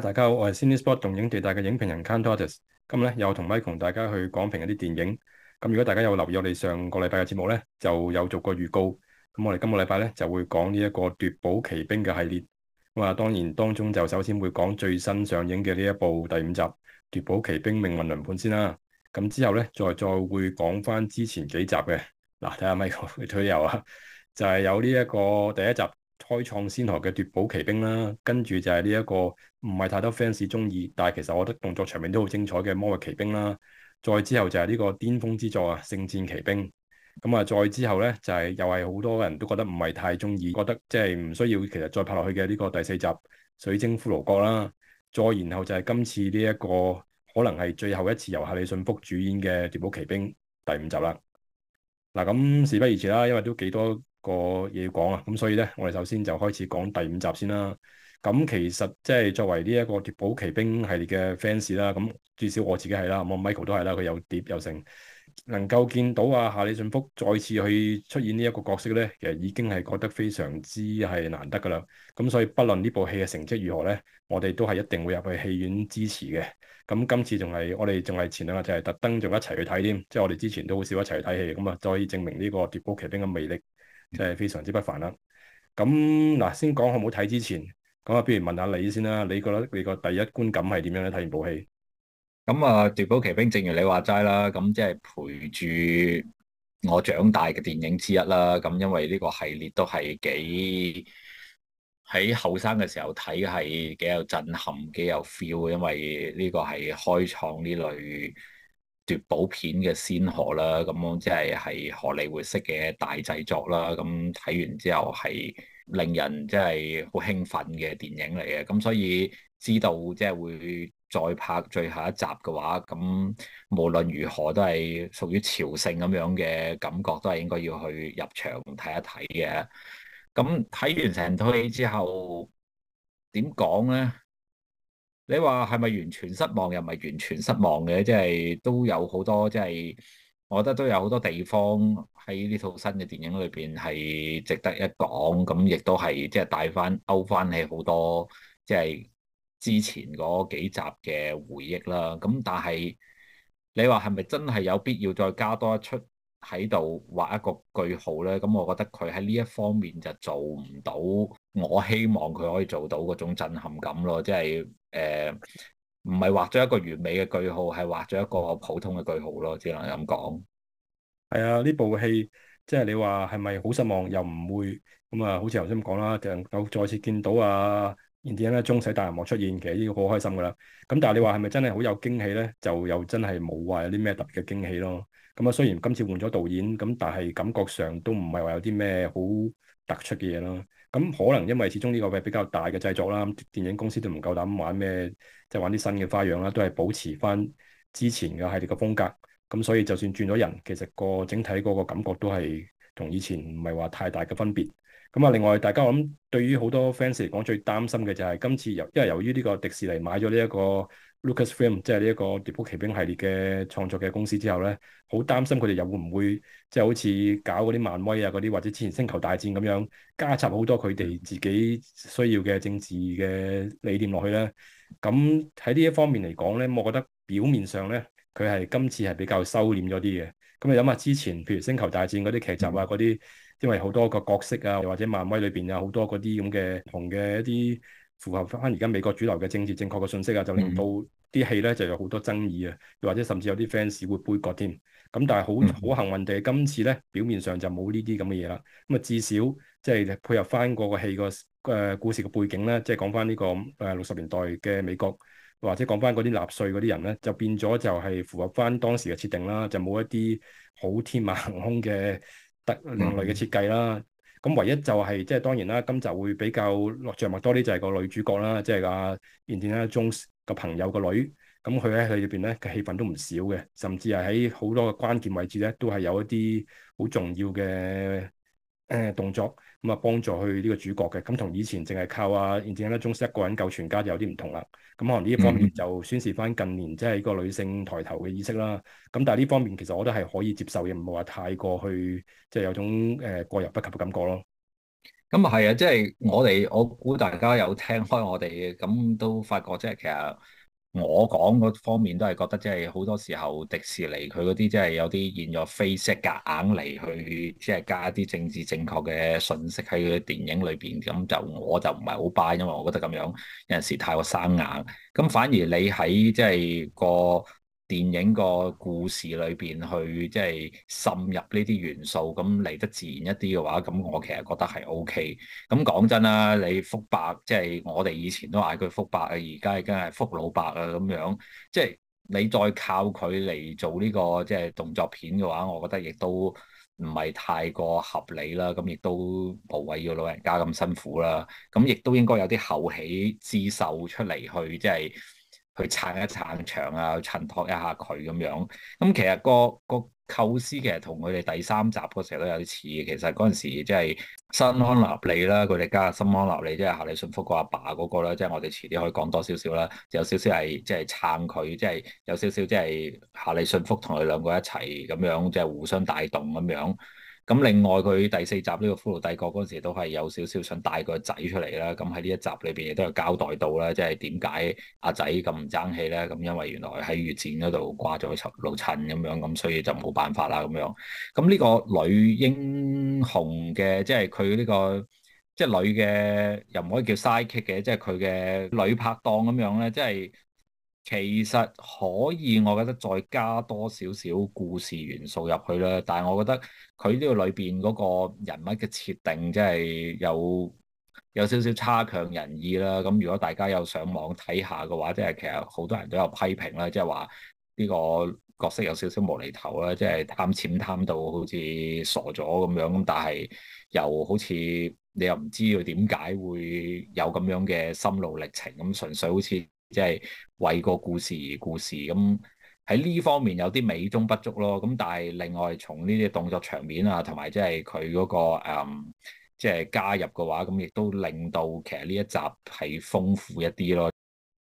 大家好，我係 Cinespot 動影地帶嘅影評人 Kantorates 今日咧又同 Mike 同大家去講評一啲電影。咁如果大家有留意我哋上個禮拜嘅節目咧，就有做個預告。咁我哋今個禮拜咧就會講呢一個奪寶奇兵嘅系列。咁啊，當然當中就首先會講最新上映嘅呢一部第五集《奪寶奇兵：命運輪盤》先啦。咁之後咧，再再會講翻之前幾集嘅。嗱，睇下 Mike 去推又啊，就係有呢一個第一集。開創先河嘅奪寶奇兵啦，跟住就係呢一個唔係太多 fans 中意，但係其實我覺得動作場面都好精彩嘅魔域奇兵啦。再之後就係呢個巔峰之作啊，《聖戰奇兵》。咁啊，再之後呢，就係又係好多人都覺得唔係太中意，覺得即係唔需要其實再拍落去嘅呢個第四集《水晶骷髏國》啦。再然後就係今次呢一個可能係最後一次由夏里遜福主演嘅奪寶奇兵第五集啦。嗱，咁事不宜遲啦，因為都幾多個嘢要講啊，咁所以咧，我哋首先就開始講第五集先啦。咁其實即係作為呢、這、一個奪寶奇兵系列嘅 fans 啦，咁至少我自己係啦，我 Michael 都係啦，佢有碟有成，能夠見到啊，夏里遜福再次去出演呢一個角色咧，其實已經係覺得非常之係難得噶啦。咁所以，不論呢部戲嘅成績如何咧，我哋都係一定會入去戲院支持嘅。咁今次仲係我哋仲係前兩日，就係特登仲一齊去睇添，即係我哋之前都好少一齊去睇戲，咁啊，再可以證明呢、這個奪寶奇兵嘅魅力。真係非常之不凡啦！咁嗱，先講好唔好睇之前，咁啊，不如問下你先啦。你覺得你個第一觀感係點樣咧？睇完部戲，咁啊，《奪寶奇兵》正如你話齋啦，咁即係陪住我長大嘅電影之一啦。咁因為呢個系列都係幾喺後生嘅時候睇，係幾有震撼、幾有 feel，因為呢個係開創呢類。續寶片嘅先河啦，咁樣即係係荷里活式嘅大製作啦，咁睇完之後係令人即係好興奮嘅電影嚟嘅，咁所以知道即係會再拍最後一集嘅話，咁無論如何都係屬於朝聖咁樣嘅感覺，都係應該要去入場睇一睇嘅。咁睇完成套戲之後，點講咧？你話係咪完全失望？又唔係完全失望嘅？即係都有好多，即係我覺得都有好多地方喺呢套新嘅電影裏邊係值得一講。咁亦都係即係帶翻勾翻起好多即係之前嗰幾集嘅回憶啦。咁但係你話係咪真係有必要再加多一出喺度畫一個句號咧？咁我覺得佢喺呢一方面就做唔到我希望佢可以做到嗰種震撼感咯。即係。誒，唔係畫咗一個完美嘅句號，係畫咗一個普通嘅句號咯，只能咁講。係啊，呢部戲即係你話係咪好失望？又唔會咁啊？好似頭先咁講啦，就再次見到啊，鍾斯喺大熒幕出現，其實已經好開心噶啦。咁但係你話係咪真係好有驚喜咧？就又真係冇話有啲咩特別嘅驚喜咯。咁啊，雖然今次換咗導演，咁但係感覺上都唔係話有啲咩好突出嘅嘢咯。咁可能因為始終呢個比較大嘅製作啦，電影公司都唔夠膽玩咩，即係玩啲新嘅花樣啦，都係保持翻之前嘅系列嘅風格。咁所以就算轉咗人，其實個整體嗰個感覺都係同以前唔係話太大嘅分別。咁啊，另外大家我諗對於好多 fans 嚟講，最擔心嘅就係今次由因為由於呢個迪士尼買咗呢一個。Lucasfilm 即係呢一個《奪寶奇兵》系列嘅創作嘅公司之後咧，好擔心佢哋又會唔會即係好似搞嗰啲漫威啊嗰啲，或者之前《星球大戰》咁樣加插好多佢哋自己需要嘅政治嘅理念落去咧。咁喺呢一方面嚟講咧，我覺得表面上咧佢係今次係比較收斂咗啲嘅。咁你諗下之前，譬如《星球大戰》嗰啲劇集啊，嗰啲因為好多個角色啊，或者漫威裏邊有好多嗰啲咁嘅同嘅一啲。符合翻而家美國主流嘅政治正確嘅信息啊，就令到啲戲咧就有好多爭議啊，又或者甚至有啲 fans 會杯葛添。咁但係好好幸運地，今次咧表面上就冇呢啲咁嘅嘢啦。咁啊，至少即係配合翻嗰個戲個、呃、故事嘅背景咧，即係講翻呢個誒六十年代嘅美國，或者講翻嗰啲納粹嗰啲人咧，就變咗就係符合翻當時嘅設定啦，就冇一啲好天馬行空嘅特另類嘅設計啦。嗯咁唯一就係、是、即係當然啦，今集會比較着墨多啲就係個女主角啦，即係阿延展一 Jones 個朋友個女，咁佢喺佢裏邊咧嘅戲份都唔少嘅，甚至係喺好多嘅關鍵位置咧都係有一啲好重要嘅。誒，動作咁啊，幫、嗯、助去呢個主角嘅，咁同以前淨係靠啊現時呢、鍾斯一個人救全家就有啲唔同啦。咁、嗯嗯、可能呢一方面就宣示翻近年即係個女性抬頭嘅意識啦。咁但係呢方面其實我都係可以接受嘅，唔係話太過去即係、就是、有種誒、呃、過猶不及嘅感覺咯。咁啊係啊，即、就、係、是、我哋我估大家有聽開我哋嘅，咁都發覺即係其實。我講嗰方面都係覺得，即係好多時候迪士尼佢嗰啲即係有啲現咗 face 夾硬嚟去，即係加啲政治正確嘅信息喺佢電影裏邊，咁就我就唔係好 buy，因為我覺得咁樣有陣時太過生硬。咁反而你喺即係個電影個故事裏邊去即係滲入呢啲元素，咁嚟得自然一啲嘅話，咁我其實覺得係 OK。咁講真啦，你福伯即係我哋以前都嗌佢福伯，而家已經係福老伯啊咁樣。即係你再靠佢嚟做呢個即係動作片嘅話，我覺得亦都唔係太過合理啦。咁亦都無謂要老人家咁辛苦啦。咁亦都應該有啲後起之秀出嚟去即係。去撐一撐場啊，去襯托一下佢咁樣。咁其實個個構思其實同佢哋第三集嗰時候都有啲似。其實嗰陣時即係新康納利啦，佢哋加新康納利即係夏利信福爸爸個阿爸嗰個啦，即係我哋遲啲可以講多少少啦。有少少係即係撐佢，即係有少少即係夏利信福同佢兩個一齊咁樣，即係互相帶動咁樣。咁另外佢第四集呢，這個《骷髏帝國》嗰陣時都係有少少想帶個仔出嚟啦，咁喺呢一集裏邊亦都有交代到啦，即係點解阿仔咁唔爭氣咧？咁因為原來喺越戰嗰度掛咗老襯咁樣，咁所以就冇辦法啦咁樣。咁呢個女英雄嘅，即係佢呢個即係女嘅，又唔可以叫 sidekick 嘅，即係佢嘅女拍檔咁樣咧，即係。其實可以，我覺得再加多少少故事元素入去啦。但係我覺得佢呢個裏邊嗰個人物嘅設定，真係有有少少差強人意啦。咁如果大家有上網睇下嘅話，即係其實好多人都有批評啦，即係話呢個角色有少少無厘頭啦，即係貪錢貪到好似傻咗咁樣。咁但係又好似你又唔知佢點解會有咁樣嘅心路歷程，咁純粹好似。即係為個故事而故事，咁喺呢方面有啲美中不足咯。咁但係另外從呢啲動作場面啊，同埋即係佢嗰個誒，即係加入嘅話，咁亦都令到其實呢一集係豐富一啲咯。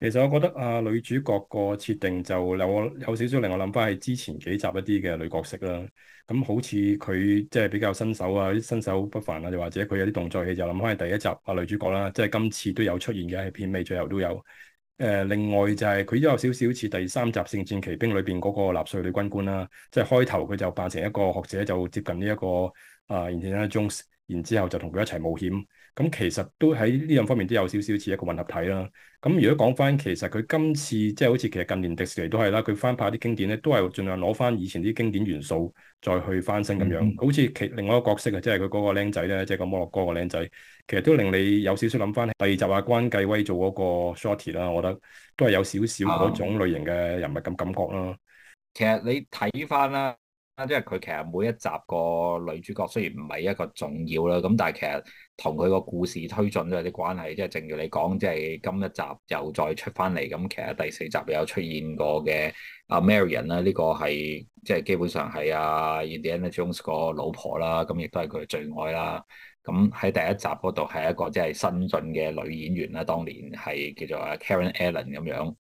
其實我覺得啊，女主角個設定就有我有少少令我諗翻係之前幾集一啲嘅女角色啦。咁好似佢即係比較新手啊，啲新手不凡啊，又或者佢有啲動作戲就諗翻係第一集啊女主角啦，即係今次都有出現嘅，喺片尾最後都有。誒、呃、另外就係佢都有少少似第三集《聖戰奇兵》裏邊嗰個納粹女軍官啦，啊，即係開頭佢就扮成一個學者，就接近呢、這、一個啊，Indiana Jones，然之後就同佢一齊冒險。咁其實都喺呢兩方面都有少少似一個混合體啦。咁如果講翻，其實佢今次即係、就是、好似其實近年迪士尼都係啦，佢翻拍啲經典咧，都係盡量攞翻以前啲經典元素再去翻新咁樣。嗯、好似其另外一個角色啊，即係佢嗰個僆仔咧，即係個摩洛哥個僆仔，其實都令你有少少諗翻第二集啊，關繼威做嗰個 Shorty 啦，我覺得都係有少少嗰種類型嘅人物咁感覺啦。啊、其實你睇翻啦。啊！即係佢其實每一集個女主角雖然唔係一個重要啦，咁但係其實同佢個故事推進都有啲關係。即係正如你講，即係今一集又再出翻嚟，咁其實第四集有出現過嘅阿 Marion 啦，呢個係即係基本上係啊 Indiana Jones 個老婆啦，咁亦都係佢嘅最愛啦。咁喺第一集嗰度係一個即係新晉嘅女演員啦，當年係叫做 Karen Allen 咁樣。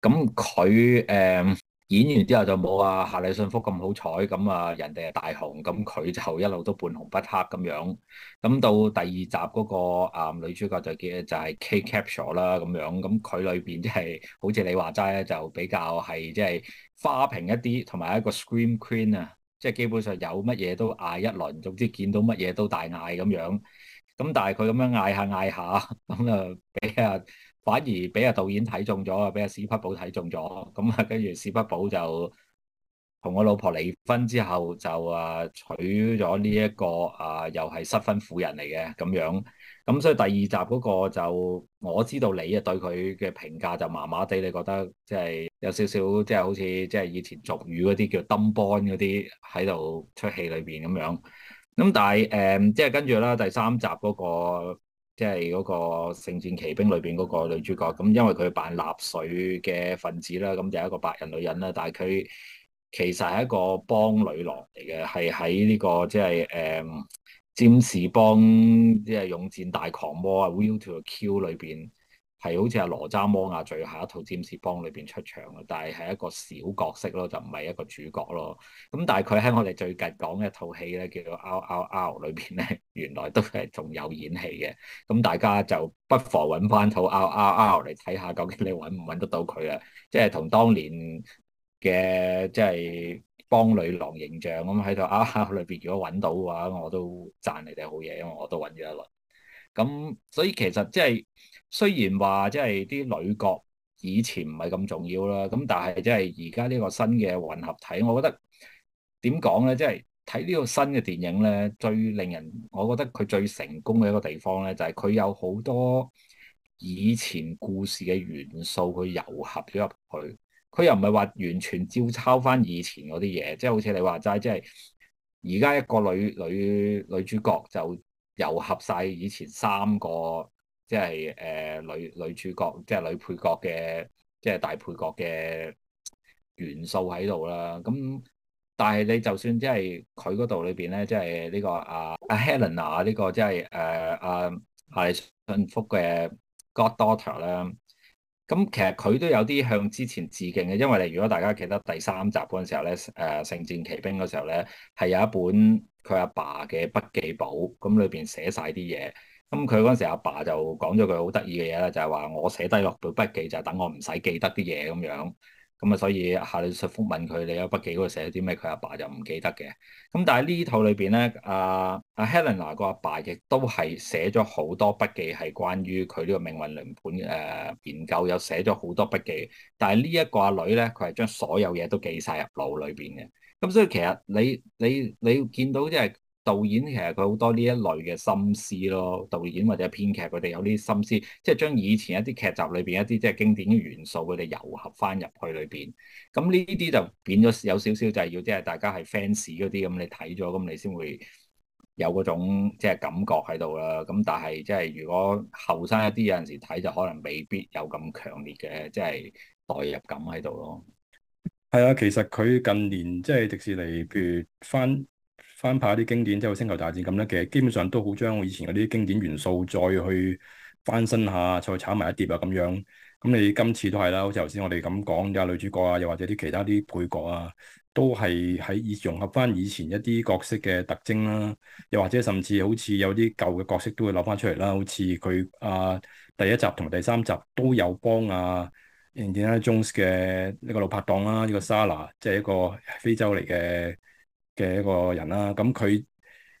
咁佢誒。呃演完之後就冇啊，夏里遜福咁好彩，咁啊人哋係大紅，咁佢就一路都半紅不黑咁樣。咁到第二集嗰、那個啊、呃、女主角就叫就係、是、K-Capture 啦咁樣，咁佢裏邊即係好似你話齋咧，就比較係即係花瓶一啲，同埋一個 Scream Queen 啊，即係基本上有乜嘢都嗌一輪，總之見到乜嘢都大嗌咁樣。咁但係佢咁樣嗌下嗌下，咁啊俾下。反而俾阿導演睇中咗，俾阿史匹堡睇中咗，咁啊跟住史匹堡就同我老婆離婚之後，就娶、這個、啊娶咗呢一個啊又係失婚婦人嚟嘅咁樣。咁所以第二集嗰個就我知道你啊對佢嘅評價就麻麻地，你覺得即係有少少即係、就是、好似即係以前俗語嗰啲叫登幫嗰啲喺度出戲裏邊咁樣。咁但係誒即係跟住啦，第三集嗰、那個。即係嗰個聖戰奇兵裏邊嗰個女主角，咁因為佢扮納粹嘅分子啦，咁就係一個白人女人啦，但係佢其實係一個邦女郎嚟嘅，係喺呢個即係誒占士邦即係勇戰大狂魔啊，A View to a Kill 裏邊。係好似阿羅渣摩亞最後一套《占士邦》裏邊出場嘅，但係係一個小角色咯，就唔係一個主角咯。咁但係佢喺我哋最近講嘅一套戲咧，叫做《RRR》裏邊咧，原來都係仲有演戲嘅。咁大家就不妨揾翻套《RRR》嚟睇下，R、看看究竟你揾唔揾得到佢啊？即係同當年嘅即係幫女郎形象咁喺度，《RRR 裏邊，R、面如果揾到嘅話，我都讚你哋好嘢，因為我都揾咗一輪。咁所以其實即、就、係、是。雖然話即係啲女角以前唔係咁重要啦，咁但係即係而家呢個新嘅混合體，我覺得點講呢？即係睇呢個新嘅電影呢，最令人我覺得佢最成功嘅一個地方呢，就係佢有好多以前故事嘅元素去糅合咗入去。佢又唔係話完全照抄翻以前嗰啲嘢，即係好似你話齋，即係而家一個女女女主角就糅合晒以前三個。即係誒女女主角，即係女配角嘅，即係大配角嘅元素喺度啦。咁但係你就算即係佢嗰度裏邊咧，即係呢個啊阿 Helena 呢個即係誒啊係、啊啊啊啊、信福嘅 Goddaughter 咧。咁其實佢都有啲向之前致敬嘅，因為你如果大家記得第三集嗰陣時候咧，誒、呃《聖戰奇兵》嗰時候咧，係有一本佢阿爸嘅筆記簿，咁裏邊寫晒啲嘢。咁佢嗰陣時阿爸就講咗句好得意嘅嘢咧，就係、是、話我寫低落本筆記就等、是、我唔使記得啲嘢咁樣。咁、嗯、啊，所以夏里遜福問佢你有筆記嗰度寫咗啲咩，佢阿爸就唔記得嘅。咁、嗯、但係呢套裏邊咧，阿、啊、阿、啊、Helena 個阿爸亦都係寫咗好多筆記，係關於佢呢個命運輪盤誒、呃、研究，又寫咗好多筆記。但係呢一個阿女咧，佢係將所有嘢都記晒入腦裏邊嘅。咁、嗯、所以其實你你你，你見到即、就、係、是。導演其實佢好多呢一類嘅心思咯，導演或者編劇佢哋有啲心思，即係將以前一啲劇集裏邊一啲即係經典嘅元素，佢哋糅合返入去裏邊。咁呢啲就變咗有少少就係要即係大家係 fans 嗰啲咁，你睇咗咁你先會有嗰種即係感覺喺度啦。咁但係即係如果後生一啲有陣時睇就可能未必有咁強烈嘅即係代入感喺度咯。係啊，其實佢近年即係、就是、迪士尼，譬如翻翻拍一啲經典，即係《星球大戰》咁呢，其實，基本上都好將我以前嗰啲經典元素再去翻新下，再炒埋一碟啊咁樣。咁你今次都係啦，好似頭先我哋咁講，有女主角啊，又或者啲其他啲配角啊，都係喺以融合翻以前一啲角色嘅特徵啦。又或者甚至好似有啲舊嘅角色都會攞翻出嚟啦，好似佢啊第一集同埋第三集都有幫啊 Indiana Jones 嘅一個老拍檔啦，呢個 Sara 即係一個非洲嚟嘅。嘅一個人啦，咁佢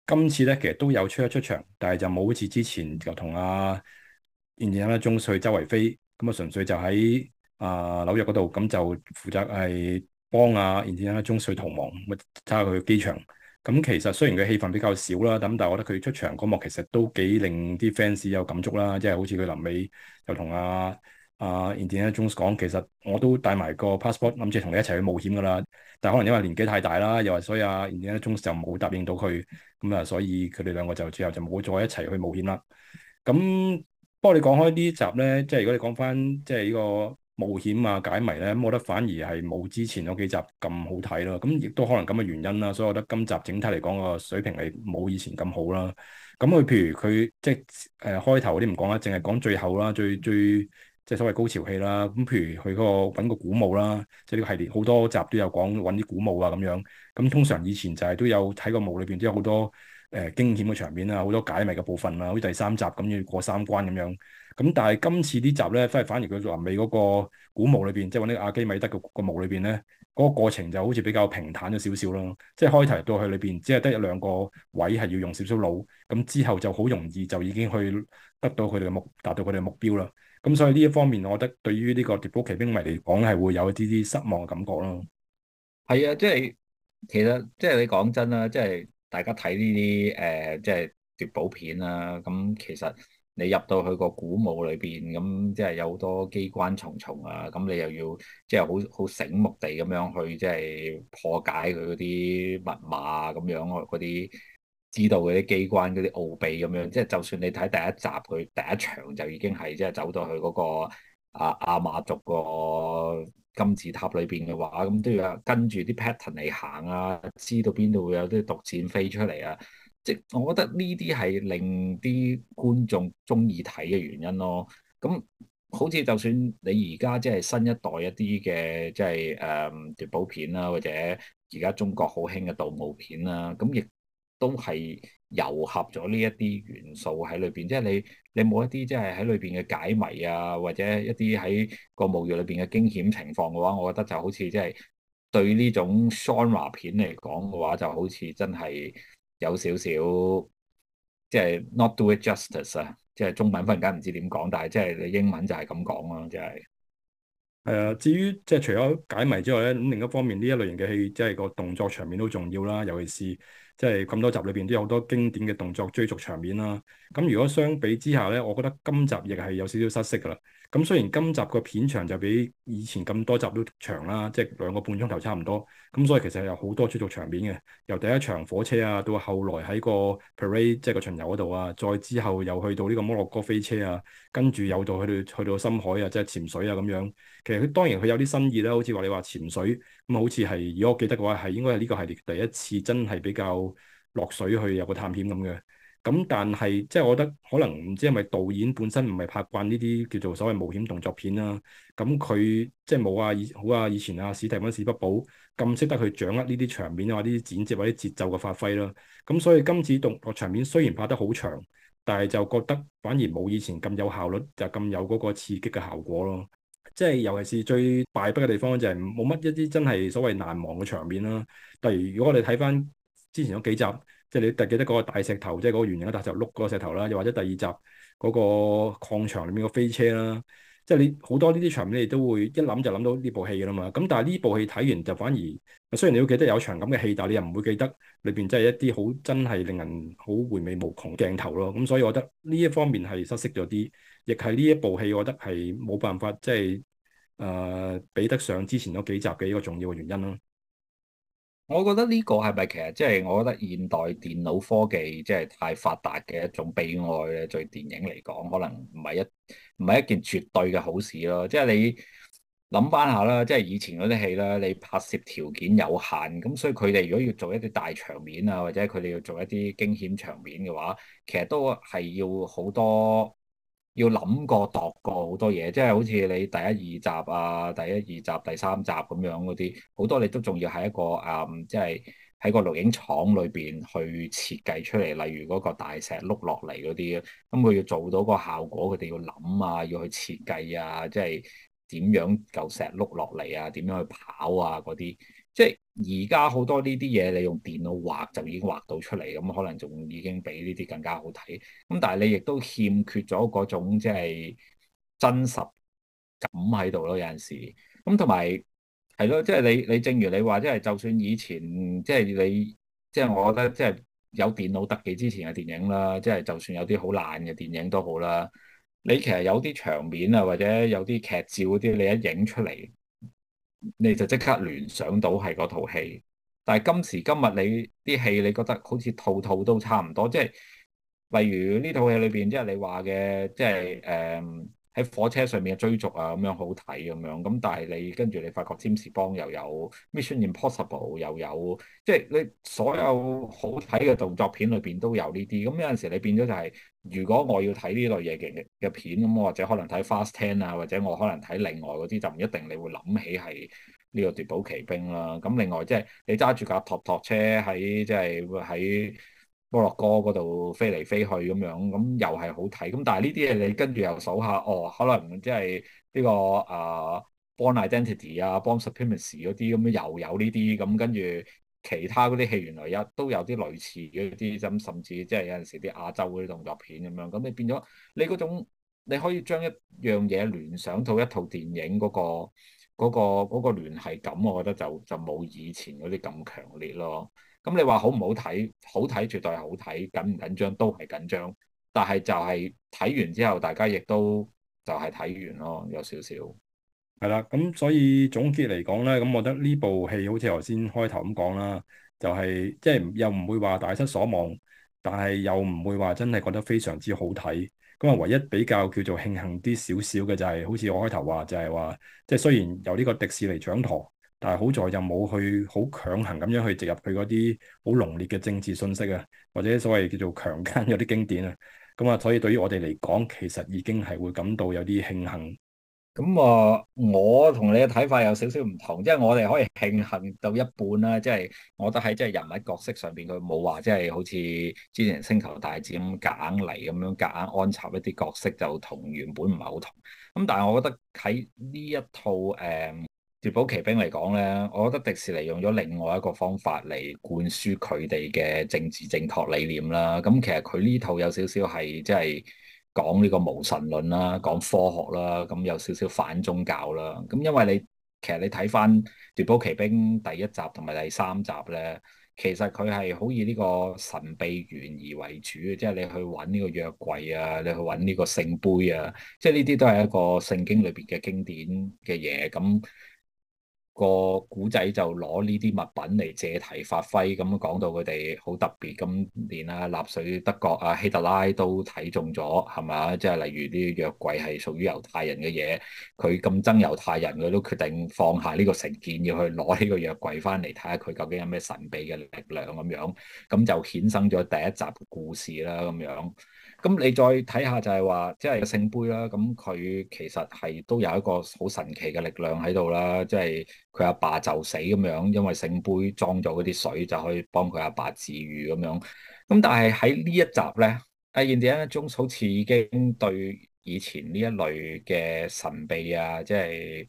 今次咧其實都有出一出場，但係就冇好似之前就同阿印第安納鍾斯周圍飛，咁啊純粹就喺啊、呃、紐約嗰度，咁就負責係幫阿印第安納鍾斯逃亡，咁啊睇下佢去機場。咁其實雖然佢戲份比較少啦，咁但係我覺得佢出場嗰幕其實都幾令啲 fans 有感觸啦，即係好似佢臨尾又同阿。啊！然之後鍾斯講，其實我都帶埋個 passport，諗住同你一齊去冒險噶啦。但可能因為年紀太大啦，又係所以啊，然之後鍾斯又冇答應到佢咁啊，所以佢哋兩個就最後就冇再一齊去冒險啦。咁不過你講開呢集咧，即係如果你講翻即係呢個冒險啊解謎咧，我覺得反而係冇之前嗰幾集咁好睇咯。咁亦都可能咁嘅原因啦，所以我覺得今集整體嚟講個水平係冇以前咁好啦。咁佢譬如佢即係誒、呃、開頭啲唔講啦，淨係講最後啦，最最，最即係所謂高潮戲啦，咁譬如佢嗰個揾個古墓啦，即係呢個系列好多集都有講揾啲古墓啊咁樣。咁通常以前就係都有睇個墓裏邊都有好多誒、呃、驚險嘅場面啦，好多解謎嘅部分啦，好似第三集咁要過三關咁樣。咁但係今次啲集咧，都係反而佢話尾嗰個古墓裏邊，即係揾呢個阿基米德個個墓裏邊咧，嗰、嗰個過程就好似比較平坦咗少少咯。即係開頭到去裏邊，只係得一兩個位係要用少少腦，咁之後就好容易就已經去得到佢哋嘅目，達到佢哋嘅目標啦。咁所以呢一方面，我覺得對於呢個奪寶奇兵迷嚟講係會有一啲啲失望嘅感覺咯。係啊，即係其實即係你講真啦，即係大家睇呢啲誒，即係奪寶片啊。咁其實你入到去個古墓裏邊，咁即係有好多機關重重啊。咁你又要即係好好醒目地咁樣去即係破解佢嗰啲密碼啊，咁樣嗰啲。知道嗰啲機關、嗰啲奧秘咁樣，即係就算你睇第一集佢第一場就已經係即係走到去嗰、那個阿、啊、阿馬族亞馬族個金字塔裏邊嘅話，咁都要跟住啲 pattern 嚟行啊，知道邊度會有啲毒箭飛出嚟啊！即我覺得呢啲係令啲觀眾中意睇嘅原因咯。咁好似就算你而家即係新一代一啲嘅即係誒奪寶片啦、啊，或者而家中國好興嘅盜墓片啦、啊，咁亦～都係糅合咗呢一啲元素喺裏邊，即係你你冇一啲即係喺裏邊嘅解謎啊，或者一啲喺個墓穴裏邊嘅驚險情況嘅話，我覺得就好似即係對呢種 genre 片嚟講嘅話，就好似真係有少少即係 not do it justice 啊！即係中文忽然間唔知點講，但係即係你英文就係咁講咯，即係。係啊，至於即係除咗解謎之外咧，咁另一方面呢一類型嘅戲，即係個動作場面都重要啦，尤其是。即係咁多集裏邊都有好多經典嘅動作追逐場面啦、啊。咁如果相比之下咧，我覺得今集亦係有少少失色噶啦。咁雖然今集個片長就比以前咁多集都長啦，即係兩個半鐘頭差唔多。咁所以其實有好多追逐場面嘅，由第一場火車啊，到後來喺個 parade 即係個巡遊嗰度啊，再之後又去到呢個摩洛哥飛車啊，跟住又到去到去到深海啊，即係潛水啊咁樣。其實當然佢有啲新意啦，好似話你話潛水咁，好似係。如果我記得嘅話係應該係呢個系列第一次真係比較。落水去有個探險咁嘅，咁但係即係我覺得可能唔知係咪導演本身唔係拍慣呢啲叫做所謂冒險動作片啦、啊，咁佢即係冇啊以好啊以前啊史提芬史匹堡咁識得去掌握呢啲場面啊、啲剪接或者節奏嘅發揮啦，咁所以今次動作場面雖然拍得好長，但係就覺得反而冇以前咁有效率，就咁有嗰個刺激嘅效果咯。即係尤其是最敗筆嘅地方就係冇乜一啲真係所謂難忘嘅場面啦。例如如果我哋睇翻。之前有幾集，即係你特記得嗰個大石頭，即係嗰個圓形嘅大石頭碌嗰個石頭啦；又或者第二集嗰個礦場裏面個飛車啦，即係你好多呢啲場面，你都會一諗就諗到呢部戲㗎嘛。咁但係呢部戲睇完就反而，雖然你會記得有場咁嘅戲，但係你又唔會記得裏邊真係一啲好真係令人好回味無窮鏡頭咯。咁所以，我覺得呢一方面係失色咗啲，亦係呢一部戲，我覺得係冇辦法即係誒比得上之前嗰幾集嘅一個重要嘅原因啦。我覺得呢個係咪其實即係我覺得現代電腦科技即係太發達嘅一種悲哀咧？對電影嚟講，可能唔係一唔係一件絕對嘅好事咯。即係你諗翻下啦，即係以前嗰啲戲啦，你拍攝條件有限，咁所以佢哋如果要做一啲大場面啊，或者佢哋要做一啲驚險場面嘅話，其實都係要好多。要諗過度過好多嘢，即係好似你第一二集啊、第一二集、第三集咁樣嗰啲，好多你都仲要喺一個誒，即係喺個錄影廠裏邊去設計出嚟，例如嗰個大石碌落嚟嗰啲，咁、嗯、佢要做到個效果，佢哋要諗啊，要去設計啊，即係點樣嚿石碌落嚟啊，點樣去跑啊嗰啲。即係而家好多呢啲嘢，你用電腦畫就已經畫到出嚟，咁可能仲已經比呢啲更加好睇。咁但係你亦都欠缺咗嗰種即係真實感喺度咯，有陣時。咁同埋係咯，即係你你正如你話，即係就算以前即係你即係我覺得即係有電腦特技之前嘅電影啦，即係就算有啲好爛嘅電影都好啦，你其實有啲場面啊，或者有啲劇照嗰啲，你一影出嚟。你就即刻聯想到係嗰套戲，但係今時今日你啲戲，你覺得好似套套都差唔多，即係例如呢套戲裏邊，即係你話嘅，即係誒。Um, 喺火車上面嘅追逐啊，咁樣好睇咁樣，咁但係你跟住你發覺《占士邦》又有《Mission Impossible》，又有即係、就是、你所有好睇嘅動作片裏邊都有呢啲。咁有陣時你變咗就係、是，如果我要睇呢類嘢嘅嘅片，咁我或者可能睇《Fast Ten》啊，或者我可能睇另外嗰啲，就唔一定你會諗起係呢、這個奪寶奇兵啦。咁、啊、另外即係你揸住架托托車喺即係喺。就是摩洛哥嗰度飛嚟飛去咁樣，咁又係好睇。咁但係呢啲嘢你跟住又數下，哦，可能即係呢個、uh, Born Identity 啊、Born Supremacy 嗰啲咁，又有呢啲。咁跟住其他嗰啲戲原來有都有啲類似嘅啲，咁甚至即係有陣時啲亞洲嗰啲動作片咁樣。咁你變咗你嗰種你可以將一樣嘢聯想到一套電影嗰個嗰個嗰個聯繫感，我覺得就就冇以前嗰啲咁強烈咯。咁你話好唔好睇？好睇絕對係好睇，緊唔緊張都係緊張，但係就係睇完之後，大家亦都就係睇完咯，有少少係啦。咁所以總結嚟講咧，咁我覺得呢部戲好似頭先開頭咁講啦，就係即係又唔會話大失所望，但係又唔會話真係覺得非常之好睇。咁啊，唯一比較叫做慶幸啲少少嘅就係好似我開頭話就係話，即係雖然由呢個迪士尼掌舵。但係好在又冇去好強行咁樣去植入佢嗰啲好濃烈嘅政治信息啊，或者所謂叫做強姦有啲經典啊，咁、嗯、啊，所以對於我哋嚟講，其實已經係會感到有啲慶幸。咁啊，我同你嘅睇法有少少唔同，即係我哋可以慶幸到一半啦。即係，我覺得喺即係人物角色上邊佢冇話即係好似之前星球大戰咁夾硬嚟咁樣，夾硬、硬安插一啲角色就同原本唔係好同。咁但係，我覺得喺呢一套誒。嗯《奪寶奇兵》嚟講咧，我覺得迪士尼用咗另外一個方法嚟灌輸佢哋嘅政治正確理念啦。咁、嗯、其實佢呢套有少少係即係講呢個無神論啦，講科學啦，咁、嗯、有少少反宗教啦。咁、嗯、因為你其實你睇翻《奪寶奇兵》第一集同埋第三集咧，其實佢係好以呢個神秘懸疑為主，即係你去揾呢個約櫃啊，你去揾呢個聖杯啊，即係呢啲都係一個聖經裏邊嘅經典嘅嘢咁。嗯個古仔就攞呢啲物品嚟借題發揮，咁講到佢哋好特別咁，連啊納粹德國啊希特拉都睇中咗，係咪啊？即係例如啲約櫃係屬於猶太人嘅嘢，佢咁憎猶太人，佢都決定放下呢個成見，要去攞呢個約櫃翻嚟睇下佢究竟有咩神秘嘅力量咁樣，咁就衍生咗第一集嘅故事啦咁樣。咁你再睇下就係話，即係聖杯啦。咁佢其實係都有一個好神奇嘅力量喺度啦。即係佢阿爸就死咁樣，因為聖杯裝咗嗰啲水就可以幫佢阿爸治癒咁樣。咁但係喺呢一集咧，阿燕姐呢種好似已經對以前呢一類嘅神秘啊，即係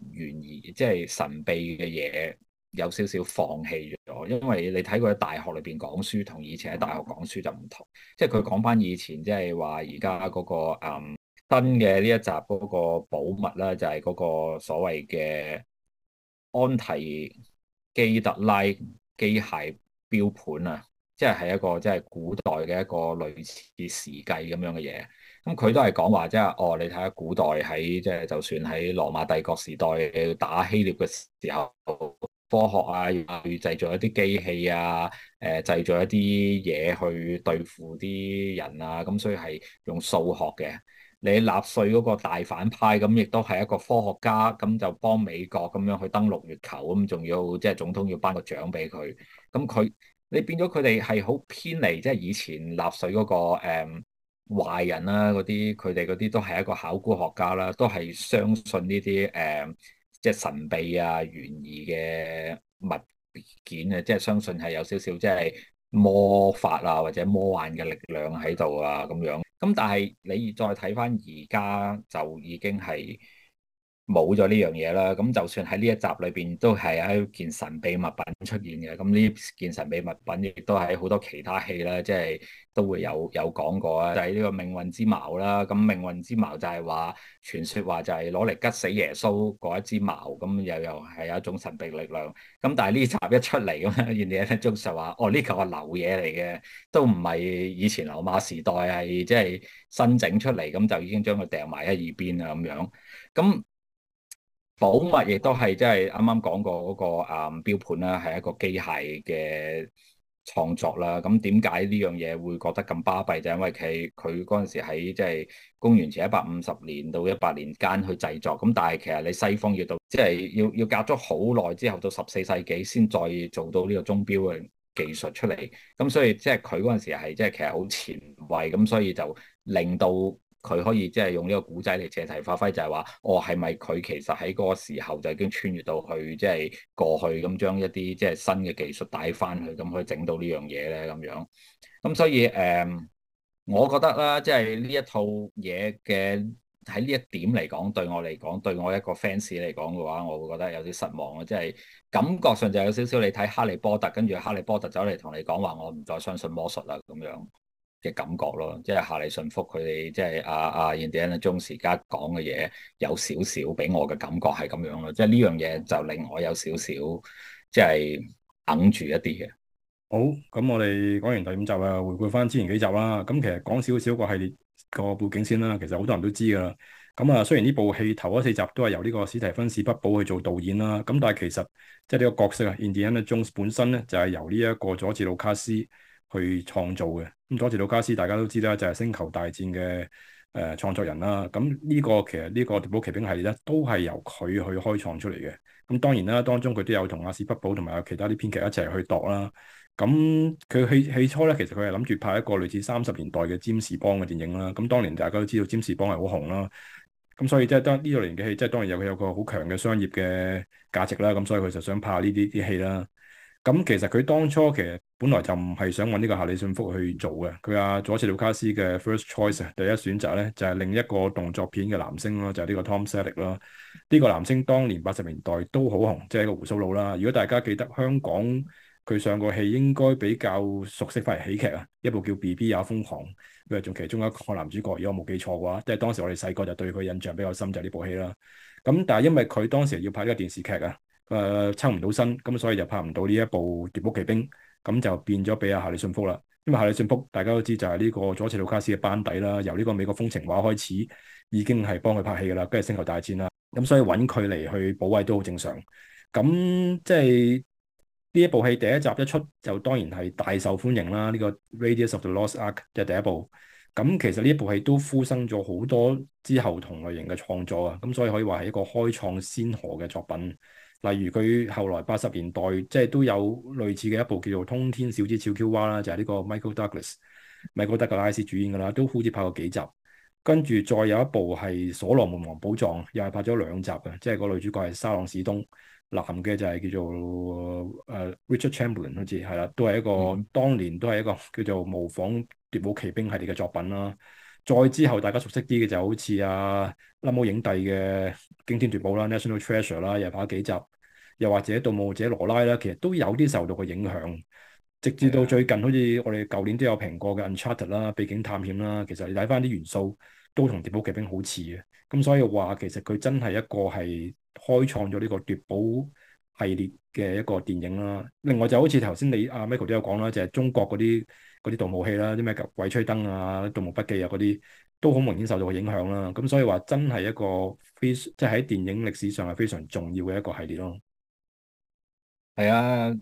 懸疑，即係神秘嘅嘢。有少少放棄咗，因為你睇佢喺大學裏邊講書，同以前喺大學講書就唔同。即係佢講返以前，即係話而家嗰個、嗯、新嘅呢一集嗰個寶物啦，就係、是、嗰個所謂嘅安提基特拉機械標盤啊，即係係一個即係古代嘅一個類似時計咁樣嘅嘢。咁、嗯、佢都係講話，即係哦，你睇下古代喺即係就算喺羅馬帝國時代打希臘嘅時候。科學啊，去製造一啲機器啊，誒、呃、製造一啲嘢去對付啲人啊，咁、嗯、所以係用數學嘅。你納粹嗰個大反派咁，亦都係一個科學家，咁、嗯、就幫美國咁樣去登陸月球，咁、嗯、仲要即係、就是、總統要頒個獎俾佢。咁、嗯、佢你變咗佢哋係好偏離，即、就、係、是、以前納粹嗰、那個誒、嗯、壞人啦、啊，嗰啲佢哋嗰啲都係一個考古學家啦，都係相信呢啲誒。嗯即係神秘啊、懸疑嘅物件啊，即係相信係有少少即係魔法啊，或者魔幻嘅力量喺度啊咁樣。咁但係你再睇返而家就已經係。冇咗呢樣嘢啦，咁就算喺呢一集裏邊都係喺件神秘物品出現嘅，咁呢件神秘物品亦都喺好多其他戲啦，即係都會有有講過啊！就係呢個命運之矛啦，咁命運之矛就係話傳説話就係攞嚟吉死耶穌嗰一支矛，咁又又係有一種神秘力量。咁但係呢集一出嚟咁樣嘢咧， 就係話哦呢嚿係流嘢嚟嘅，都唔係以前羅馬時代係即係新整出嚟，咁就已經將佢掟埋喺耳邊啊咁樣，咁。寶物亦都係即係啱啱講過嗰、嗰個誒、嗯、標盤啦，係一個機械嘅創作啦。咁點解呢樣嘢會覺得咁巴閉？就係、因為佢佢嗰陣時喺即係公元前一百五十年到一百年間去製作。咁但係其實你西方要到即係、就係、要要隔咗好耐之後，到十四世紀先再做到呢個鐘錶嘅技術出嚟。咁所以即係佢嗰陣時係即係其實好前衛。咁所以就令到。佢可以即係用呢個古仔嚟借題發揮，就係話：我係咪佢其實喺嗰個時候就已經穿越到去即係過去，咁將一啲即係新嘅技術帶翻去，咁去整到呢樣嘢咧？咁樣咁所以誒、嗯，我覺得啦，即係呢一套嘢嘅喺呢一點嚟講，對我嚟講，對我一個 fans 嚟講嘅話，我會覺得有啲失望啊！即係感覺上就有少少你睇《哈利波特》，跟住《哈利波特》走嚟同你講話，我唔再相信魔術啦咁樣。嘅感覺咯，即係夏里遜福佢哋，即係阿阿印第安納瓊斯而家講嘅嘢有少少俾我嘅感覺係咁樣咯，即係呢樣嘢就令我有少少即係揞住一啲嘅。好，咁我哋講完第五集啦，回顧翻之前幾集啦。咁其實講少少個系列個背景先啦，其實好多人都知噶啦。咁啊，雖然呢部戲頭嗰四集都係由呢個史提芬史匹堡去做導演啦，咁但係其實即係呢個角色啊，印第安納瓊斯本身咧就係由呢一個佐治魯卡斯去創造嘅。咁佐治魯加斯，大家都知啦，就係、是《星球大戰》嘅、呃、誒創作人啦。咁、嗯、呢、這個其實呢、這個《奪寶奇兵》系列咧，都係由佢去開創出嚟嘅。咁、嗯、當然啦，當中佢都有同阿史匹堡同埋有其他啲編劇一齊去度啦。咁佢起起初咧，其實佢係諗住拍一個類似三十年代嘅占士邦嘅電影啦。咁、嗯、當年大家都知道占士邦係好紅啦。咁、嗯、所以即係當呢套嚟嘅戲，即係、就是、當然有佢有個好強嘅商業嘅價值啦。咁、嗯、所以佢就想拍呢啲啲戲啦。咁其實佢當初其實本來就唔係想揾呢個夏里遜福去做嘅。佢阿、啊、佐治魯卡斯嘅 first choice，第一選擇咧就係、是、另一個動作片嘅男星咯，就係、是、呢個 Tom Selleck 啦。呢個男星當年八十年代都好紅，即係一個鬍鬚佬啦。如果大家記得，香港佢上個戲應該比較熟悉翻嚟喜劇啊，一部叫《B B 也瘋狂》，佢係仲其中一個男主角。如果我冇記錯嘅話，即係當時我哋細個就對佢印象比較深就係、是、呢部戲啦。咁但係因為佢當時要拍呢個電視劇啊。誒，抽唔到身咁，嗯，所以就拍唔到呢一部《奪寶奇兵》咁，嗯，就變咗俾阿夏里遜福啦。因為夏里遜福大家都知就係呢個佐治魯卡斯嘅班底啦，由呢個美國風情畫開始，已經係幫佢拍戲噶啦，跟住星球大戰啦，咁，嗯，所以搵佢嚟去補位都好正常。咁，嗯，即係呢一部戲第一集一出就當然係大受歡迎啦。呢，這個《Raiders of the Lost Ark》嘅，就是，第一部，咁，嗯，其實呢部戲都孵生咗好多之後同類型嘅創作啊，咁，嗯，所以可以話係一個開創先河嘅作品。例如佢後來八十年代即係都有類似嘅一部叫做《通天小子俏 Q 娃》啦，就係、是、呢個 Michael Douglas、Michael Douglas 主演嘅啦，都好似拍過幾集。跟住再有一部係《所羅門王寶藏》，又係拍咗兩集嘅，即係個女主角係沙朗史東，男嘅就係叫做誒、uh, Richard Chamberlain 好似係啦，都係一個、嗯、當年都係一個叫做模仿《奪寶奇兵》系列嘅作品啦。再之後，大家熟悉啲嘅就好似啊，林某影帝嘅《驚天奪寶》啦，《National Treasure》啦，又拍幾集，又或者《盜墓者羅拉》啦，其實都有啲受到嘅影響。直至到最近，好似 Yeah. 我哋舊年都有評過嘅《Uncharted》啦，《秘境探險》啦，其實你睇翻啲元素都同《奪寶奇兵》好似嘅。咁所以話其實佢真係一個係開創咗呢、這個奪寶系列嘅一個電影啦。另外就好似頭先你阿、啊、Michael 都有講啦，就係、是、中國嗰啲。嗰啲盜墓戲啦，啲咩鬼吹燈啊、盜墓筆記啊，嗰啲都好明顯受到影響啦、啊。咁所以話真係一個非即係喺電影歷史上係非常重要嘅一個系列咯。係啊，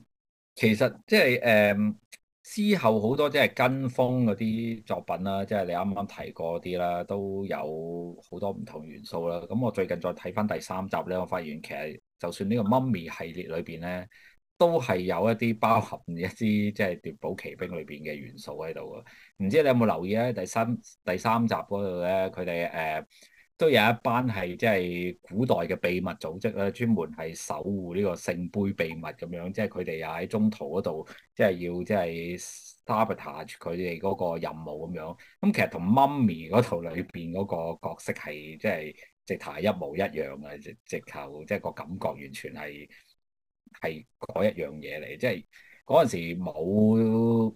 其實即係誒之後好多即係跟風嗰啲作品啦，即、就、係、是、你啱啱提過啲啦，都有好多唔同元素啦。咁我最近再睇翻第三集咧，我發現其實就算呢、這個媽咪系列裏邊咧。都係有一啲包含一啲即係奪寶奇兵裏邊嘅元素喺度啊。唔知你有冇留意咧？第三第三集嗰度咧，佢哋誒都有一班係即係古代嘅秘密組織咧，專門係守護呢個聖杯秘密咁樣，即係佢哋又喺中途嗰度，即係要即係 starve 佢哋嗰個任務咁樣。咁其實同媽咪嗰套裏邊嗰個角色係即係直頭一模一樣嘅，直直頭即係個感覺完全係。係嗰一樣嘢嚟，即係嗰陣時冇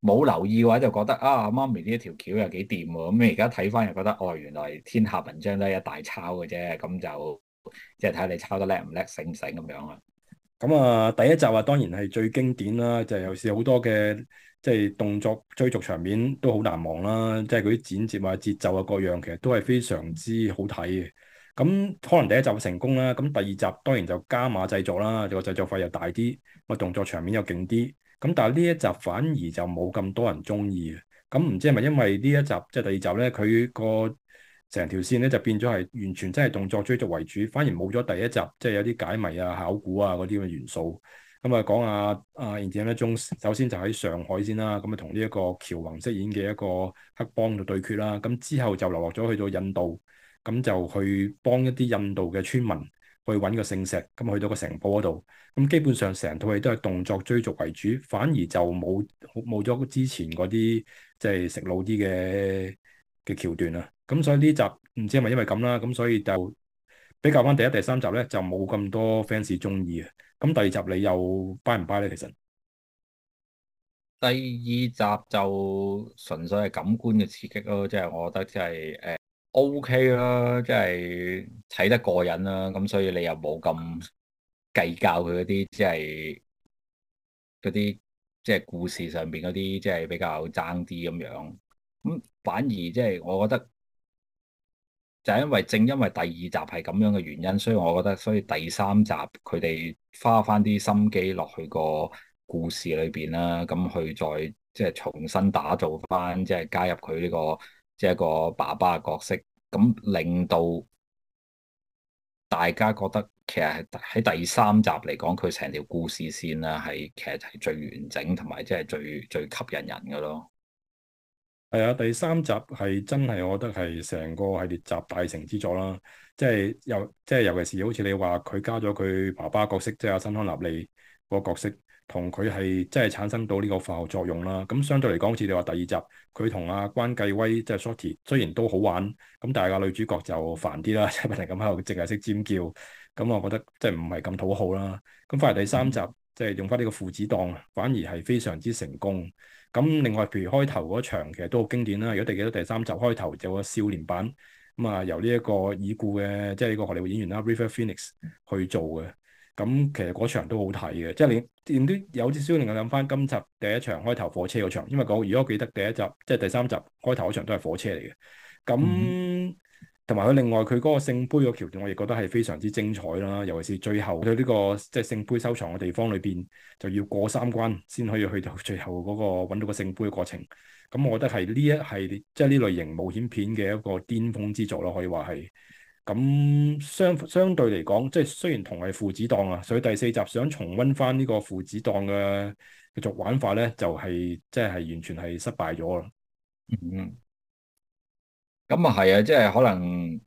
冇留意嘅話，就覺得啊，媽咪呢一條橋又幾掂喎。咁你而家睇翻又覺得，哦、哎，原來天下文章都係一大抄嘅啫。咁就即係睇下你抄得叻唔叻，醒唔醒咁樣啦。咁啊，第一集啊，當然係最經典啦，就有時好多嘅即係動作追逐場面都好難忘啦。即係嗰啲剪接啊、節奏啊各樣，其實都係非常之好睇嘅。咁可能第一集會成功啦，咁第二集當然就加碼製作啦，個製作費又大啲，個動作場面又勁啲。咁但係呢一集反而就冇咁多人中意。咁唔知係咪因為呢一集即係第二集咧，佢個成條線咧就變咗係完全真係動作追逐為主，反而冇咗第一集即係有啲解謎啊、考古啊嗰啲嘅元素。咁啊講啊啊，然之後咧，中首先就喺上海先啦，咁啊同呢一個喬宏飾演嘅一個黑幫就對決啦。咁之後就流落咗去到印度。咁就去幫一啲印度嘅村民去搵個聖石，咁去到個城堡嗰度，咁基本上成套戲都係動作追逐為主，反而就冇冇咗之前嗰啲即係食腦啲嘅嘅橋段啦。咁所以呢集唔知係咪因為咁啦，咁所以就比較翻第一、第三集咧就冇咁多 fans 中意嘅。咁第二集你又 buy 唔 buy 咧？其實第二集就純粹係感官嘅刺激咯，即係我覺得即係誒。O K 啦，即係睇得過癮啦，咁所以你又冇咁計較佢嗰啲，即係嗰啲即係故事上邊嗰啲，即係比較爭啲咁樣。咁反而即係我覺得，就係因為正因為第二集係咁樣嘅原因，所以我覺得，所以第三集佢哋花翻啲心機落去個故事裏邊啦，咁去再即係重新打造翻，即係加入佢呢個。即係一個爸爸嘅角色，咁令到大家覺得，其實喺第三集嚟講，佢成條故事線啊，係其實係最完整同埋即係最最吸引人嘅咯。係啊，第三集係真係，我覺得係成個系列集大成之作啦。即係有即係，尤其是好似你話佢加咗佢爸爸角色，即係阿辛康納利個角色。同佢係即係產生到呢個化學作用啦，咁相對嚟講，好似你話第二集佢同阿關繼威即係、就是、Shorty 雖然都好玩，咁但係個女主角就煩啲啦，即係不停咁喺度淨係識尖叫，咁我覺得即係唔係咁討好啦。咁翻嚟第三集即係、嗯、用翻呢個父子檔，反而係非常之成功。咁另外譬如開頭嗰場其實都好經典啦。如果第幾多第三集開頭就有個少年版咁啊，由呢一個已故嘅即係呢個荷里活演員啦 River Phoenix 去做嘅。咁其實嗰場都好睇嘅，即係你點都有啲少令我諗翻今集第一場開頭火車嗰場，因為講如果我記得第一集即係第三集開頭嗰場都係火車嚟嘅。咁同埋佢另外佢嗰個聖杯嗰橋段，我亦覺得係非常之精彩啦。尤其是最後佢呢、這個即係、就是、聖杯收藏嘅地方裏邊，就要過三關先可以去到最後嗰、那個揾到個聖杯嘅過程。咁我覺得係呢一係即係呢類型冒險片嘅一個巔峰之作咯，可以話係。咁相相對嚟講，即係雖然同係父子檔啊，所以第四集想重溫翻呢個父子檔嘅繼續玩法咧，就係、是、即係完全係失敗咗咯。嗯，咁啊係啊，即係可能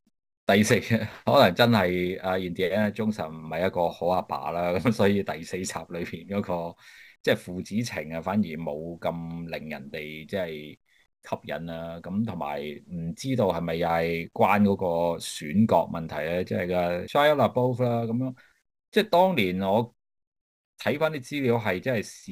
第四，可能真係印第安納鍾斯唔係一個好阿爸啦。咁所以第四集裏邊嗰個即係、就是、父子情啊，反而冇咁令人哋即係。就是吸引啊，咁同埋唔知道係咪又係關嗰個選角問題咧、啊就是啊嗯，即係嘅，Shia LaBeouf 啦，咁樣即係當年我睇翻啲資料係，即係史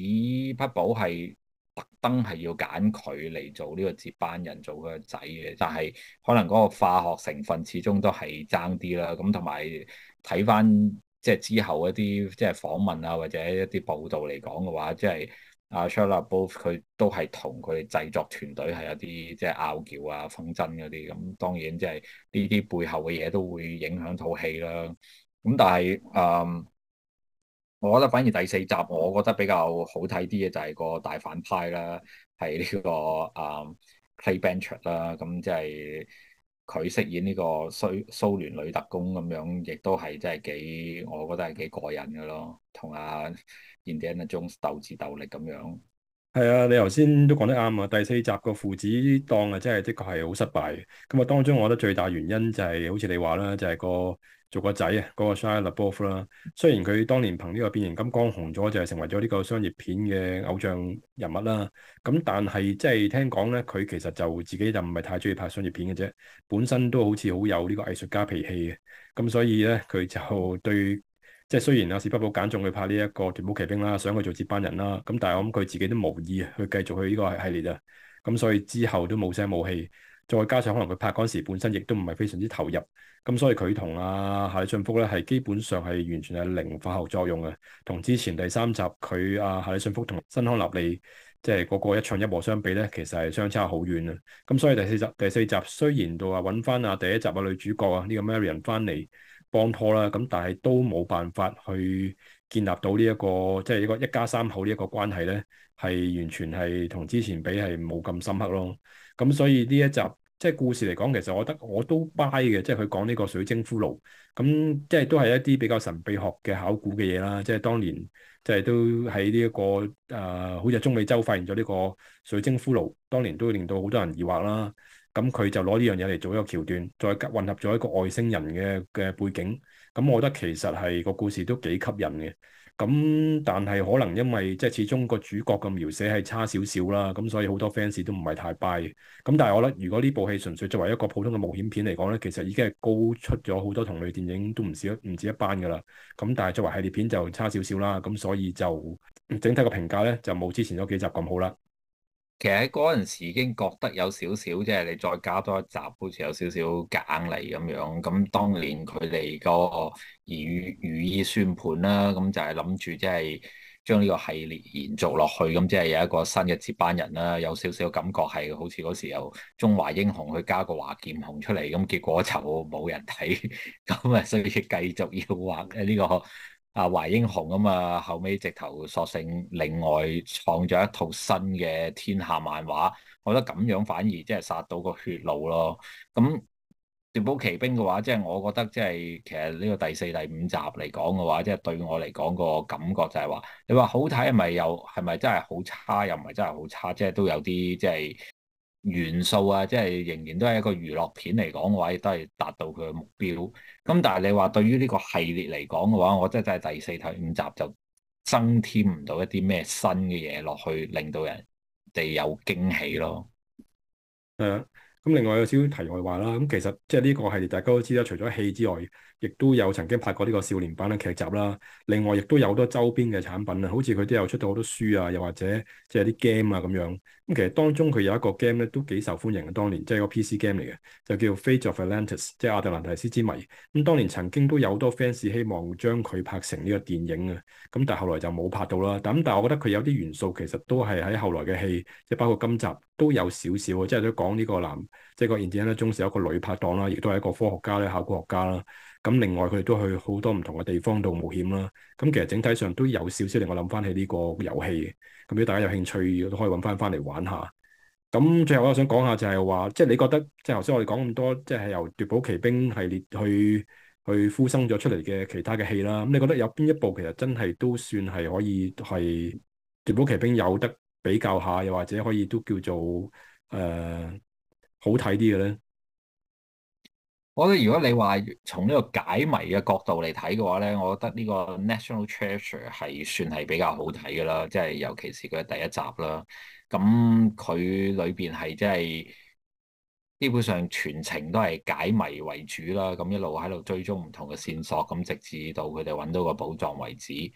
匹堡係特登係要揀佢嚟做呢個接班人，做佢個仔嘅。但係可能嗰個化學成分始終都係爭啲啦。咁同埋睇翻即係之後一啲即係訪問啊，或者一啲報道嚟講嘅話，即係。阿 Shia LaBeouf 佢都係同佢製作團隊係一啲即係拗撬啊、紛爭嗰啲咁，當然即係呢啲背後嘅嘢都會影響套戲啦。咁但係啊、嗯，我覺得反而第四集我覺得比較好睇啲嘅就係個大反派啦，係呢、呢個啊、嗯、Cate Blanchett 啦，咁即係佢飾演呢個蘇蘇聯女特工咁樣，亦都係即係幾我覺得係幾過癮嘅咯，同啊。人哋喺度爭鬥智鬥力咁樣，係啊，你頭先都講得啱啊。第四集個父子檔啊，真係的確係好失敗嘅。咁啊，當中我覺得最大原因就係好似你話啦，就係個做個仔啊，嗰個 Shia LaBeouf 啦。雖然佢當年憑呢個《變形金剛》紅咗，就係成為咗呢個商業片嘅偶像人物啦。咁但係即係聽講咧，佢其實就自己就唔係太中意拍商業片嘅啫，本身都好似好有呢個藝術家脾氣嘅。咁所以咧，佢就對。即係雖然阿史匹堡揀中佢拍呢一個奪寶奇兵啦，想佢做接班人啦，咁但係我諗佢自己都無意去繼續去呢個系列咋，咁、啊、所以之後都冇聲冇氣，再加上可能佢拍嗰陣時本身亦都唔係非常之投入，咁、啊、所以佢同阿夏里遜福咧，係基本上係完全係零化學作用啊，同之前第三集佢、啊、夏里遜福同辛康納利即係個個一唱一和相比咧，其實係相差好遠啊，咁所以第四集，第四集雖然到啊揾翻啊第一集啊女主角啊呢個 Marion 翻嚟，幫拖啦，咁但係都冇辦法去建立到呢、這、一個即係、就是、一個一家三口呢一個關係咧，係完全係同之前比係冇咁深刻咯。咁所以呢一集即係故事嚟講，其實我覺得我都 buy 嘅，即係佢講呢個水晶骷髏，咁即係都係一啲比較神秘學嘅考古嘅嘢啦。即係當年即係、就是、都喺呢一個誒、呃，好似中美洲發現咗呢個水晶骷髏，當年都會令到好多人疑惑啦。咁佢就攞呢樣嘢嚟做一個橋段，再混合咗一個外星人嘅嘅背景，咁我覺得其實係個故事都幾吸引嘅。咁但係可能因為即係始終個主角嘅描寫係差少少啦，咁所以好多 fans 都唔係太 buy。咁但係我覺得如果呢部戲純粹作為一個普通嘅冒險片嚟講咧，其實已經係高出咗好多同類電影都唔少唔止一班㗎啦。咁但係作為系列片就差少少啦。咁所以就整體個評價咧就冇之前嗰幾集咁好啦。其實嗰陣時已經覺得有少少即係，就是，你再加多一集，好似有少少硬嚟咁樣。咁當年佢哋個如意算盤啦，咁就係諗住即係將呢個系列延續落去，咁即係有一個新嘅接班人啦。有少少感覺係好似嗰時候中華英雄去加個華劍雄出嚟，咁結果就冇人睇，咁啊，所以繼續要畫嘅呢個。啊，華英雄吖嘛，後尾直頭索性另外創咗一套新嘅天下漫畫，我覺得咁樣反而即係殺到個血路咯。咁，嗯，奪寶奇兵嘅話，即係我覺得即係其實呢個第四、第五集嚟講嘅話，即係對我嚟講個感覺就係話，你話好睇係咪，又係咪真係好差，又唔係真係好差，即係都有啲即係。就是元素啊，即係仍然都係一個娛樂片嚟講嘅話，亦都係達到佢嘅目標。咁但係你話對於呢個系列嚟講嘅話，我真係第四、第五集就增添唔到一啲咩新嘅嘢落去，令到人哋有驚喜咯。嗯，咁另外有少少題外話啦。咁其實即係呢個系列，大家都知啦，除咗戲之外，亦都有曾經拍過呢個少年版嘅劇集啦。另外亦都有好多周邊嘅產品啊，好似佢都有出到好多書啊，又或者即係啲 game 啊咁樣。咁其實當中佢有一個 game 咧都幾受歡迎嘅，當年即係個 PC game 嚟嘅，就叫《Fate of Atlantis》，即係亞特蘭蒂斯之謎》。咁當年曾經都有好多 fans 希望將佢拍成呢個電影啊，咁但係後來就冇拍到啦。咁但係我覺得佢有啲元素其實都係喺後來嘅戲，即係包括今集都有少少啊，即係都講呢個男，即係個演員咧，中是有一個女拍檔啦，亦都係一個科學家咧，考古學家啦。咁另外佢哋都去好多唔同嘅地方度冒險啦，咁其實整體上都有少少令我諗翻起呢個遊戲，咁如果大家有興趣都可以揾翻翻嚟玩下。咁最後我想講下就係話，即係你覺得即係頭先我哋講咁多，即係由奪寶奇兵系列去去孵生咗出嚟嘅其他嘅戲啦。咁你覺得有邊一部其實真係都算係可以係奪寶奇兵有得比較下，又或者可以都叫做誒好睇啲嘅咧？我覺得如果你話從呢個解謎嘅角度嚟睇嘅話咧，我覺得呢個 National Treasure 係算係比較好睇嘅啦，即係尤其是佢第一集啦，咁佢裏邊係即係。基本上全程都係解謎為主啦，咁一路喺度追蹤唔同嘅線索，咁直至到佢哋揾到個寶藏為止。咁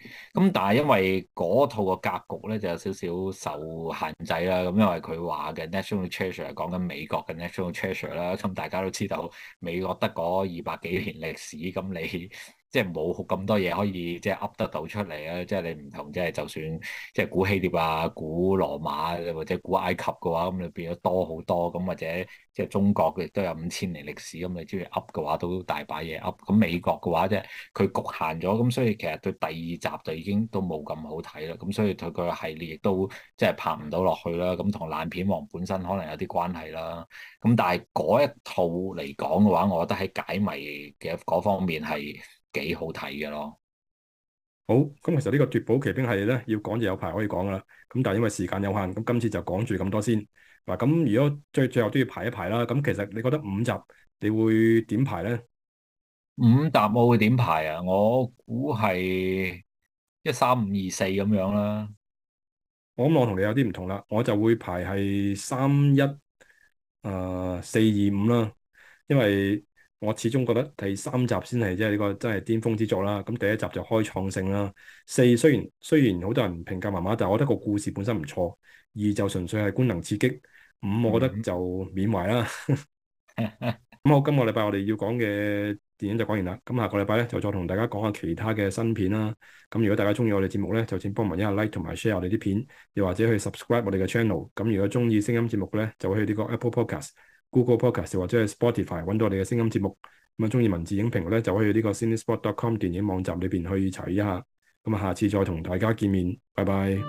但係因為嗰套個格局咧就有少少受限制啦，咁因為佢話嘅 National Treasure 係講緊美國嘅 National Treasure 啦，咁大家都知道美國得嗰二百幾年歷史，咁你。即係冇咁多嘢可以即係噏得到出嚟啊！即係你唔同，即係就算即係古希臘啊、古羅馬或者古埃及嘅話，咁、嗯、你變咗多好多咁、嗯，或者即係中國亦都有五千年歷史，咁、嗯、你中意噏嘅話，都大把嘢噏。咁、嗯、美國嘅話，即係佢局限咗，咁所以其實對第二集就已經都冇咁好睇啦。咁所以佢個系列亦都即係拍唔到落去啦。咁同爛片王本身可能有啲關係啦。咁、嗯、但係嗰一套嚟講嘅話，我覺得喺解謎嘅嗰方面係。幾好睇嘅咯，好咁、嗯、其實呢個奪寶奇兵系列咧，要講就有排可以講㗎啦，咁但係因為時間有限，咁、嗯、今次就講住咁多先嗱。咁、啊嗯、如果最最後都要排一排啦，咁、嗯、其實你覺得五集你會點排咧？五集我會點排啊？我估係一三五二四咁樣啦。我諗我同你有啲唔同啦，我就會排係三一誒四二五啦，因為。我始終覺得第三集先係即係呢個真係巔峰之作啦。咁第一集就開創性啦。四，雖然雖然好多人評價麻麻，但係我覺得個故事本身唔錯。二就純粹係官能刺激。五我覺得就緬懷啦。咁 好，今個禮拜我哋要講嘅電影就講完啦。咁下個禮拜咧就再同大家講下其他嘅新片啦。咁如果大家中意我哋節目咧，就請幫埋一下 like 同埋 share 我哋啲片，又或者去 subscribe 我哋嘅 channel。咁如果中意聲音節目咧，就會去呢個 Apple Podcast。Google Podcast 或者係 Spotify 揾到你嘅聲音節目，咁啊中意文字影評咧，就可以去呢個 Cinespot.com 電影網站裏邊去查一下，咁啊下次再同大家見面，拜拜。